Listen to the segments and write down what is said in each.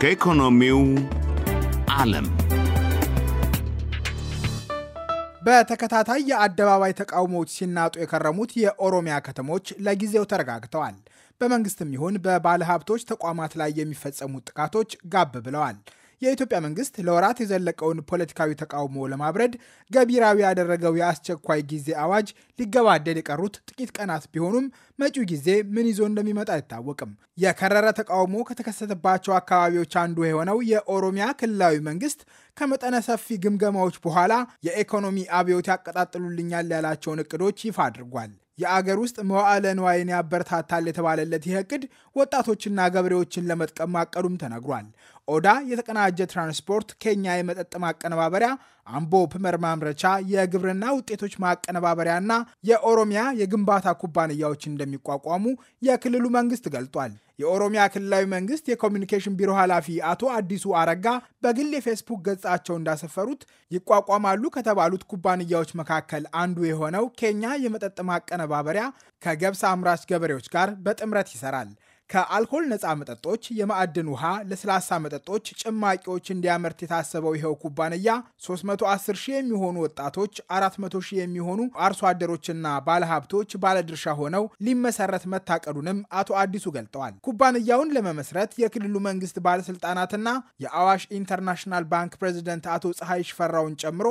ከኢኮኖሚው ዓለም በተከታታይ የአደባባይ ተቃውሞዎች ሲናጡ የከረሙት የኦሮሚያ ከተሞች ለጊዜው ተረጋግተዋል። በመንግስትም ይሁን በባለሀብቶች ተቋማት ላይ የሚፈጸሙት ጥቃቶች ጋብ ብለዋል። የኢትዮጵያ መንግስት ለወራት የዘለቀውን ፖለቲካዊ ተቃውሞ ለማብረድ ገቢራዊ ያደረገው የአስቸኳይ ጊዜ አዋጅ ሊገባደድ የቀሩት ጥቂት ቀናት ቢሆኑም መጪው ጊዜ ምን ይዞ እንደሚመጣ አይታወቅም። የከረረ ተቃውሞ ከተከሰተባቸው አካባቢዎች አንዱ የሆነው የኦሮሚያ ክልላዊ መንግስት ከመጠነ ሰፊ ግምገማዎች በኋላ የኢኮኖሚ አብዮት ያቀጣጥሉልኛል ያላቸውን እቅዶች ይፋ አድርጓል። የአገር ውስጥ መዋዕለ ንዋይን ያበረታታል የተባለለት ይህ እቅድ ወጣቶችና ገበሬዎችን ለመጥቀም ማቀዱም ተነግሯል። ኦዳ የተቀናጀ ትራንስፖርት፣ ኬንያ የመጠጥ ማቀነባበሪያ አምቦ ፕመር ማምረቻ፣ የግብርና ውጤቶች ማቀነባበሪያና የኦሮሚያ የግንባታ ኩባንያዎች እንደሚቋቋሙ የክልሉ መንግስት ገልጧል። የኦሮሚያ ክልላዊ መንግስት የኮሚኒኬሽን ቢሮ ኃላፊ አቶ አዲሱ አረጋ በግል የፌስቡክ ገጻቸው እንዳሰፈሩት ይቋቋማሉ ከተባሉት ኩባንያዎች መካከል አንዱ የሆነው ኬኛ የመጠጥ ማቀነባበሪያ ከገብስ አምራች ገበሬዎች ጋር በጥምረት ይሰራል። ከአልኮል ነፃ መጠጦች፣ የማዕድን ውሃ፣ ለስላሳ መጠጦች፣ ጭማቂዎች እንዲያመርት የታሰበው ይኸው ኩባንያ 310 ሺህ የሚሆኑ ወጣቶች፣ 400 ሺህ የሚሆኑ አርሶ አደሮችና ባለሀብቶች ባለድርሻ ሆነው ሊመሰረት መታቀዱንም አቶ አዲሱ ገልጠዋል። ኩባንያውን ለመመስረት የክልሉ መንግስት ባለስልጣናትና የአዋሽ ኢንተርናሽናል ባንክ ፕሬዚደንት አቶ ፀሐይ ሽፈራውን ጨምሮ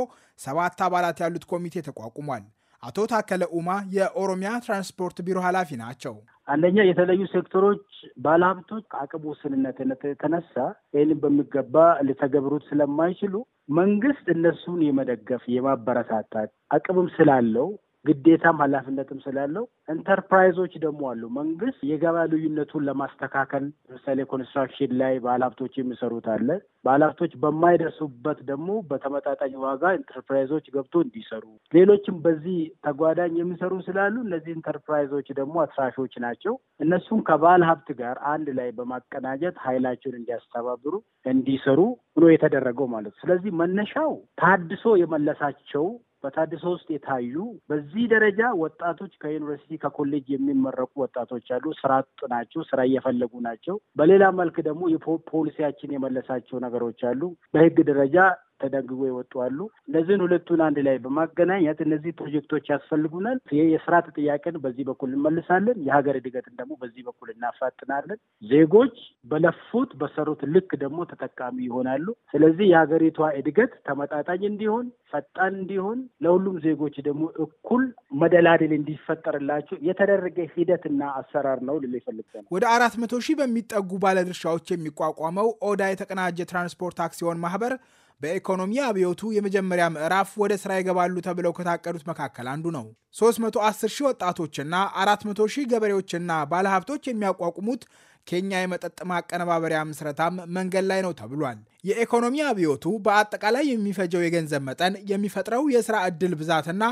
ሰባት አባላት ያሉት ኮሚቴ ተቋቁሟል። አቶ ታከለ ኡማ የኦሮሚያ ትራንስፖርት ቢሮ ኃላፊ ናቸው። አንደኛ የተለዩ ሴክተሮች ባለሀብቶች ከአቅም ውስንነት የተነሳ ይህንን በሚገባ ሊተገብሩት ስለማይችሉ መንግስት እነሱን የመደገፍ የማበረታታት አቅምም ስላለው ግዴታም ኃላፊነትም ስላለው ኢንተርፕራይዞች ደግሞ አሉ። መንግስት የገበያ ልዩነቱን ለማስተካከል ለምሳሌ ኮንስትራክሽን ላይ ባለሀብቶች የሚሰሩት አለ። ባለሀብቶች በማይደርሱበት ደግሞ በተመጣጣኝ ዋጋ ኢንተርፕራይዞች ገብቶ እንዲሰሩ፣ ሌሎችም በዚህ ተጓዳኝ የሚሰሩ ስላሉ እነዚህ ኢንተርፕራይዞች ደግሞ አትራሾች ናቸው። እነሱም ከባለ ሀብት ጋር አንድ ላይ በማቀናጀት ኃይላቸውን እንዲያስተባብሩ እንዲሰሩ ብሎ የተደረገው ማለት ነው። ስለዚህ መነሻው ታድሶ የመለሳቸው በታድሶ ውስጥ የታዩ በዚህ ደረጃ ወጣቶች ከዩኒቨርሲቲ ከኮሌጅ የሚመረቁ ወጣቶች አሉ። ስራ አጥ ናቸው። ስራ እየፈለጉ ናቸው። በሌላ መልክ ደግሞ የፖሊሲያችን የመለሳቸው ነገሮች አሉ። በህግ ደረጃ ተደንግጎ ይወጡ አሉ። እነዚህን ሁለቱን አንድ ላይ በማገናኘት እነዚህ ፕሮጀክቶች ያስፈልጉናል። ይህ የስርዓት ጥያቄን በዚህ በኩል እንመልሳለን፣ የሀገር እድገትን ደግሞ በዚህ በኩል እናፋጥናለን። ዜጎች በለፉት በሰሩት ልክ ደግሞ ተጠቃሚ ይሆናሉ። ስለዚህ የሀገሪቷ እድገት ተመጣጣኝ እንዲሆን፣ ፈጣን እንዲሆን፣ ለሁሉም ዜጎች ደግሞ እኩል መደላደል እንዲፈጠርላቸው የተደረገ ሂደትና አሰራር ነው ልል ይፈልግ ወደ አራት መቶ ሺህ በሚጠጉ ባለድርሻዎች የሚቋቋመው ኦዳ የተቀናጀ ትራንስፖርት አክሲዮን ማህበር በኢኮኖሚ አብዮቱ የመጀመሪያ ምዕራፍ ወደ ስራ ይገባሉ ተብለው ከታቀዱት መካከል አንዱ ነው። 310 ሺህ ወጣቶችና 400 ሺህ ገበሬዎችና ባለሀብቶች የሚያቋቁሙት ኬኛ የመጠጥ ማቀነባበሪያ ምስረታም መንገድ ላይ ነው ተብሏል። የኢኮኖሚ አብዮቱ በአጠቃላይ የሚፈጀው የገንዘብ መጠን የሚፈጥረው የስራ ዕድል ብዛትና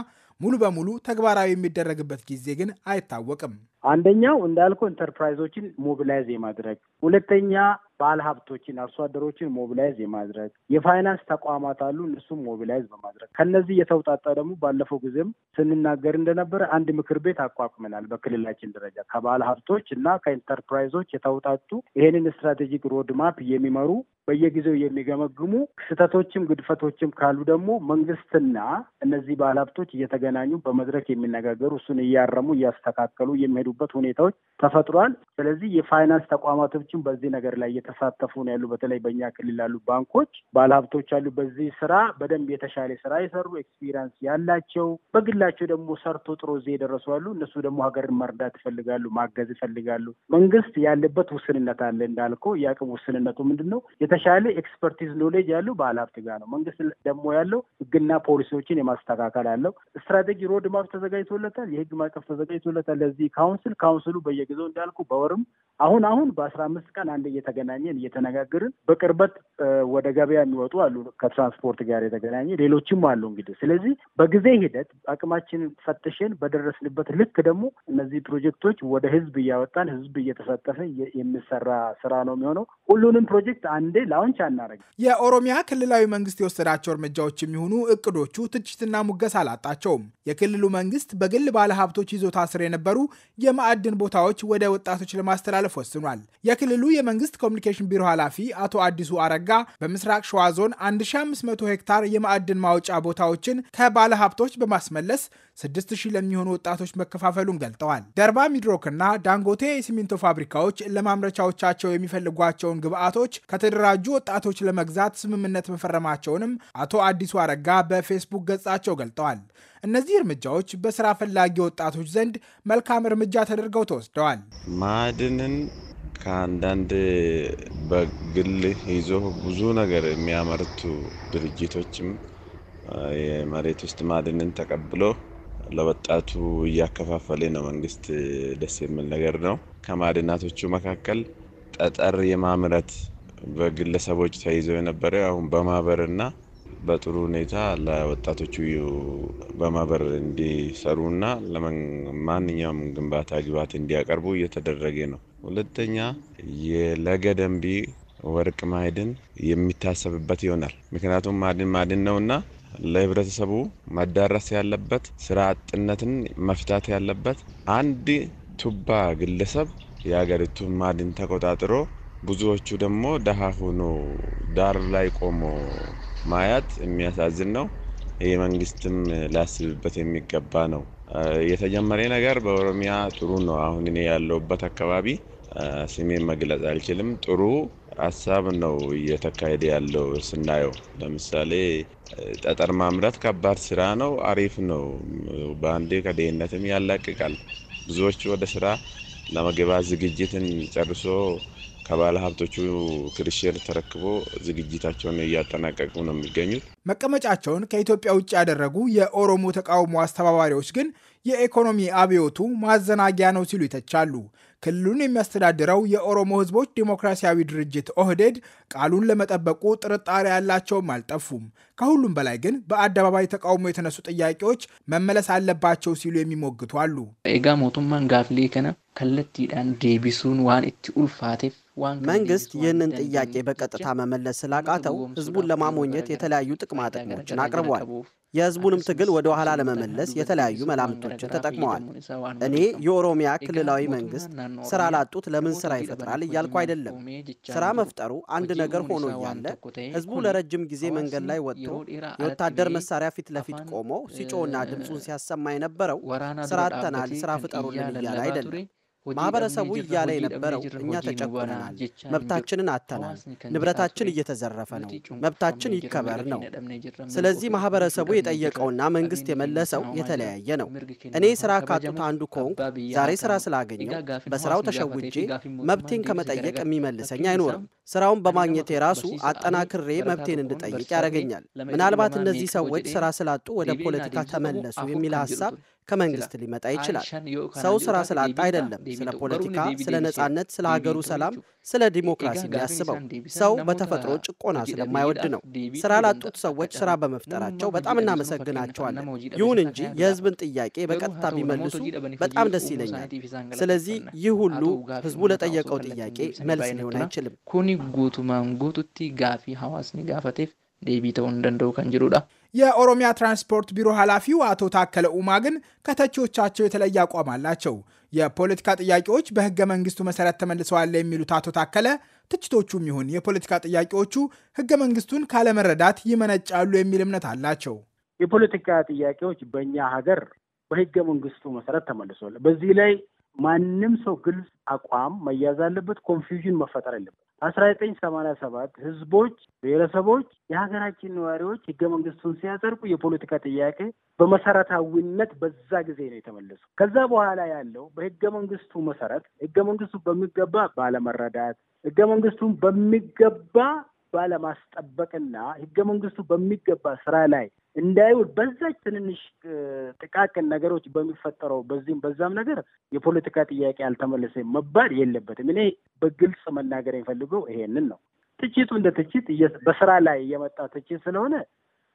ሙሉ በሙሉ ተግባራዊ የሚደረግበት ጊዜ ግን አይታወቅም። አንደኛው እንዳልከው ኢንተርፕራይዞችን ሞቢላይዝ የማድረግ ሁለተኛ ባለ ሀብቶችን አርሶ አደሮችን ሞቢላይዝ የማድረግ የፋይናንስ ተቋማት አሉ። እነሱም ሞቢላይዝ በማድረግ ከነዚህ የተውጣጣ ደግሞ ባለፈው ጊዜም ስንናገር እንደነበረ አንድ ምክር ቤት አቋቁመናል። በክልላችን ደረጃ ከባለ ሀብቶች እና ከኢንተርፕራይዞች የተውጣጡ ይሄንን ስትራቴጂክ ሮድማፕ የሚመሩ በየጊዜው የሚገመግሙ ስህተቶችም ግድፈቶችም ካሉ ደግሞ መንግስትና እነዚህ ባለ ሀብቶች እየተገናኙ በመድረክ የሚነጋገሩ እሱን እያረሙ እያስተካከሉ የሚሄዱ የሚሄዱበት ሁኔታዎች ተፈጥሯል። ስለዚህ የፋይናንስ ተቋማቶችን በዚህ ነገር ላይ እየተሳተፉ ነው ያሉ። በተለይ በእኛ ክልል ያሉ ባንኮች ባለሀብቶች አሉ። በዚህ ስራ በደንብ የተሻለ ስራ የሰሩ ኤክስፒሪንስ ያላቸው በግላቸው ደግሞ ሰርቶ ጥሩ እዚህ የደረሱ አሉ። እነሱ ደግሞ ሀገርን መርዳት ይፈልጋሉ፣ ማገዝ ይፈልጋሉ። መንግስት ያለበት ውስንነት አለ እንዳልከው፣ የአቅም ውስንነቱ ምንድን ነው? የተሻለ ኤክስፐርቲዝ ኖሌጅ ያሉ ባለሀብት ጋር ነው። መንግስት ደግሞ ያለው ህግና ፖሊሲዎችን የማስተካከል አለው። ስትራቴጂ ሮድማፕ ተዘጋጅቶለታል። የህግ ማዕቀፍ ተዘጋጅቶለታል። ለዚህ ካሁን ካውንስል ካውንስሉ በየጊዜው እንዳልኩ በወርም አሁን አሁን በአስራ አምስት ቀን አንድ እየተገናኘን እየተነጋገርን በቅርበት ወደ ገበያ የሚወጡ አሉ ከትራንስፖርት ጋር የተገናኘ ሌሎችም አሉ። እንግዲህ ስለዚህ በጊዜ ሂደት አቅማችንን ፈትሽን በደረስንበት ልክ ደግሞ እነዚህ ፕሮጀክቶች ወደ ህዝብ እያወጣን ህዝብ እየተሳተፈ የሚሰራ ስራ ነው የሚሆነው። ሁሉንም ፕሮጀክት አንዴ ላውንች አናረግ። የኦሮሚያ ክልላዊ መንግስት የወሰዳቸው እርምጃዎች የሚሆኑ እቅዶቹ ትችትና ሙገስ አላጣቸውም። የክልሉ መንግስት በግል ባለሀብቶች ይዞታ ስር የነበሩ የማዕድን ቦታዎች ወደ ወጣቶች ለማስተላለፍ ወስኗል። የክልሉ የመንግስት ኮሚኒኬሽን ቢሮ ኃላፊ አቶ አዲሱ አረጋ በምስራቅ ሸዋ ዞን 1500 ሄክታር የማዕድን ማውጫ ቦታዎችን ከባለ ሀብቶች በማስመለስ 6000 ለሚሆኑ ወጣቶች መከፋፈሉን ገልጠዋል። ደርባ ሚድሮክና ዳንጎቴ የሲሚንቶ ፋብሪካዎች ለማምረቻዎቻቸው የሚፈልጓቸውን ግብዓቶች ከተደራጁ ወጣቶች ለመግዛት ስምምነት መፈረማቸውንም አቶ አዲሱ አረጋ በፌስቡክ ገጻቸው ገልጠዋል። እነዚህ እርምጃዎች በስራ ፈላጊ ወጣቶች ዘንድ መልካም እርምጃ ተደርገው ተወስደዋል። ማዕድንን ከአንዳንድ በግል ይዞ ብዙ ነገር የሚያመርቱ ድርጅቶችም የመሬት ውስጥ ማዕድንን ተቀብሎ ለወጣቱ እያከፋፈለ ነው መንግስት። ደስ የሚል ነገር ነው። ከማዕድናቶቹ መካከል ጠጠር የማምረት በግለሰቦች ተይዘው የነበረ አሁን በማህበርና በጥሩ ሁኔታ ለወጣቶቹ በማህበር እንዲሰሩና ለማንኛውም ግንባታ ግባት እንዲያቀርቡ እየተደረገ ነው። ሁለተኛ የለገ ወርቅ ማዕድን የሚታሰብበት ይሆናል። ምክንያቱም ማዕድን ማዕድን ነውና ለህብረተሰቡ መዳረስ ያለበት ስራ አጥነትን መፍታት ያለበት አንድ ቱባ ግለሰብ የሀገሪቱን ማዕድን ተቆጣጥሮ ብዙዎቹ ደግሞ ደሃ ሆኖ ዳር ላይ ቆሞ ማየት የሚያሳዝን ነው። ይህ መንግስትም ሊያስብበት የሚገባ ነው። የተጀመረ ነገር በኦሮሚያ ጥሩ ነው። አሁን እኔ ያለውበት አካባቢ ስሜን መግለጽ አልችልም። ጥሩ ሀሳብ ነው እየተካሄደ ያለው ስናየው፣ ለምሳሌ ጠጠር ማምረት ከባድ ስራ ነው። አሪፍ ነው። በአንዴ ከድህነትም ያላቅቃል። ብዙዎች ወደ ስራ ለመግባት ዝግጅትን ጨርሶ ከባለ ሀብቶቹ ክርሽር ተረክቦ ዝግጅታቸውን እያጠናቀቁ ነው የሚገኙት። መቀመጫቸውን ከኢትዮጵያ ውጭ ያደረጉ የኦሮሞ ተቃውሞ አስተባባሪዎች ግን የኢኮኖሚ አብዮቱ ማዘናጊያ ነው ሲሉ ይተቻሉ። ክልሉን የሚያስተዳድረው የኦሮሞ ህዝቦች ዴሞክራሲያዊ ድርጅት ኦህዴድ ቃሉን ለመጠበቁ ጥርጣሬ ያላቸውም አልጠፉም። ከሁሉም በላይ ግን በአደባባይ ተቃውሞ የተነሱ ጥያቄዎች መመለስ አለባቸው ሲሉ የሚሞግቱ አሉ። ኤጋ ሞቱማን ጋፍሌ ከነ ከለቲዳን ዴቢሱን ዋን እቲ ኡልፋቴፍ መንግስት ይህንን ጥያቄ በቀጥታ መመለስ ስላቃተው ህዝቡን ለማሞኘት የተለያዩ ጥቅማ ጥቅሞችን አቅርቧል። የህዝቡንም ትግል ወደ ኋላ ለመመለስ የተለያዩ መላምቶችን ተጠቅመዋል። እኔ የኦሮሚያ ክልላዊ መንግስት ስራ ላጡት ለምን ስራ ይፈጥራል እያልኩ አይደለም። ስራ መፍጠሩ አንድ ነገር ሆኖ እያለ ህዝቡ ለረጅም ጊዜ መንገድ ላይ ወጥቶ የወታደር መሳሪያ ፊት ለፊት ቆሞ ሲጮና ድምፁን ሲያሰማ የነበረው ስራ አጥተናል፣ ስራ ፍጠሩልን እያለ አይደለም። ማህበረሰቡ እያለ የነበረው እኛ ተጨቁነናል፣ መብታችንን አተናል፣ ንብረታችን እየተዘረፈ ነው፣ መብታችን ይከበር ነው። ስለዚህ ማህበረሰቡ የጠየቀውና መንግስት የመለሰው የተለያየ ነው። እኔ ስራ ካጡት አንዱ ከሆንኩ ዛሬ ስራ ስላገኘው በስራው ተሸውጄ መብቴን ከመጠየቅ የሚመልሰኝ አይኖርም። ስራውን በማግኘቴ ራሱ አጠናክሬ መብቴን እንድጠይቅ ያደርገኛል። ምናልባት እነዚህ ሰዎች ስራ ስላጡ ወደ ፖለቲካ ተመለሱ የሚል ሀሳብ ከመንግስት ሊመጣ ይችላል። ሰው ስራ ስላጣ አይደለም ስለ ፖለቲካ፣ ስለ ነጻነት፣ ስለ ሀገሩ ሰላም፣ ስለ ዲሞክራሲ ሊያስበው። ሰው በተፈጥሮ ጭቆና ስለማይወድ ነው። ስራ ላጡት ሰዎች ስራ በመፍጠራቸው በጣም እናመሰግናቸዋለን። ይሁን እንጂ የህዝብን ጥያቄ በቀጥታ ቢመልሱ በጣም ደስ ይለኛል። ስለዚህ ይህ ሁሉ ህዝቡ ለጠየቀው ጥያቄ መልስ ሊሆን አይችልም። ኩኒ ጉቱማን ጉቱቲ ጋፊ ሀዋስኒ ጋፈቴፍ ደቢተው እንደንደው ከንጅሩዳ የኦሮሚያ ትራንስፖርት ቢሮ ኃላፊው አቶ ታከለ ኡማ ግን ከተቺዎቻቸው የተለየ አቋም አላቸው። የፖለቲካ ጥያቄዎች በህገ መንግስቱ መሰረት ተመልሰዋል የሚሉት አቶ ታከለ ትችቶቹም ይሁን የፖለቲካ ጥያቄዎቹ ህገ መንግስቱን ካለመረዳት ይመነጫሉ የሚል እምነት አላቸው። የፖለቲካ ጥያቄዎች በእኛ ሀገር በህገ መንግስቱ መሰረት ተመልሰዋል። በዚህ ላይ ማንም ሰው ግልጽ አቋም መያዝ አለበት። ኮንፊውዥን መፈጠር አለበት። አስራ ዘጠኝ ሰማንያ ሰባት ህዝቦች፣ ብሔረሰቦች የሀገራችን ነዋሪዎች ህገ መንግስቱን ሲያጸድቁ የፖለቲካ ጥያቄ በመሰረታዊነት በዛ ጊዜ ነው የተመለሱ። ከዛ በኋላ ያለው በህገ መንግስቱ መሰረት ህገ መንግስቱ በሚገባ ባለመረዳት ህገ መንግስቱን በሚገባ ባለማስጠበቅና ህገ መንግስቱ በሚገባ ስራ ላይ እንዳይውል በዛች ትንንሽ ጥቃቅን ነገሮች በሚፈጠረው በዚህም በዛም ነገር የፖለቲካ ጥያቄ አልተመለሰ መባል የለበትም። እኔ በግልጽ መናገር የሚፈልገው ይሄንን ነው። ትችቱ እንደ ትችት በስራ ላይ የመጣ ትችት ስለሆነ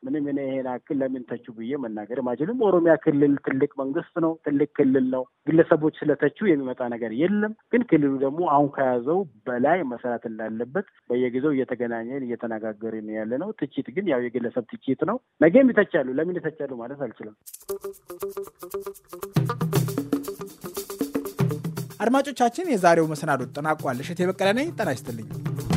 ምንም እኔ ይሄን አክል ለምን ተቹ ብዬ መናገር ማችልም። ኦሮሚያ ክልል ትልቅ መንግስት ነው፣ ትልቅ ክልል ነው። ግለሰቦች ስለተቹ የሚመጣ ነገር የለም። ግን ክልሉ ደግሞ አሁን ከያዘው በላይ መሰራት እንዳለበት በየጊዜው እየተገናኘን እየተነጋገርን ያለ ነው። ትችት ግን ያው የግለሰብ ትችት ነው። ነገም ይተቻሉ። ለምን ይተቻሉ ማለት አልችልም። አድማጮቻችን፣ የዛሬው መሰናዶ ተጠናቋል። እሸት የበቀለ ነኝ። ጤና ይስጥልኝ።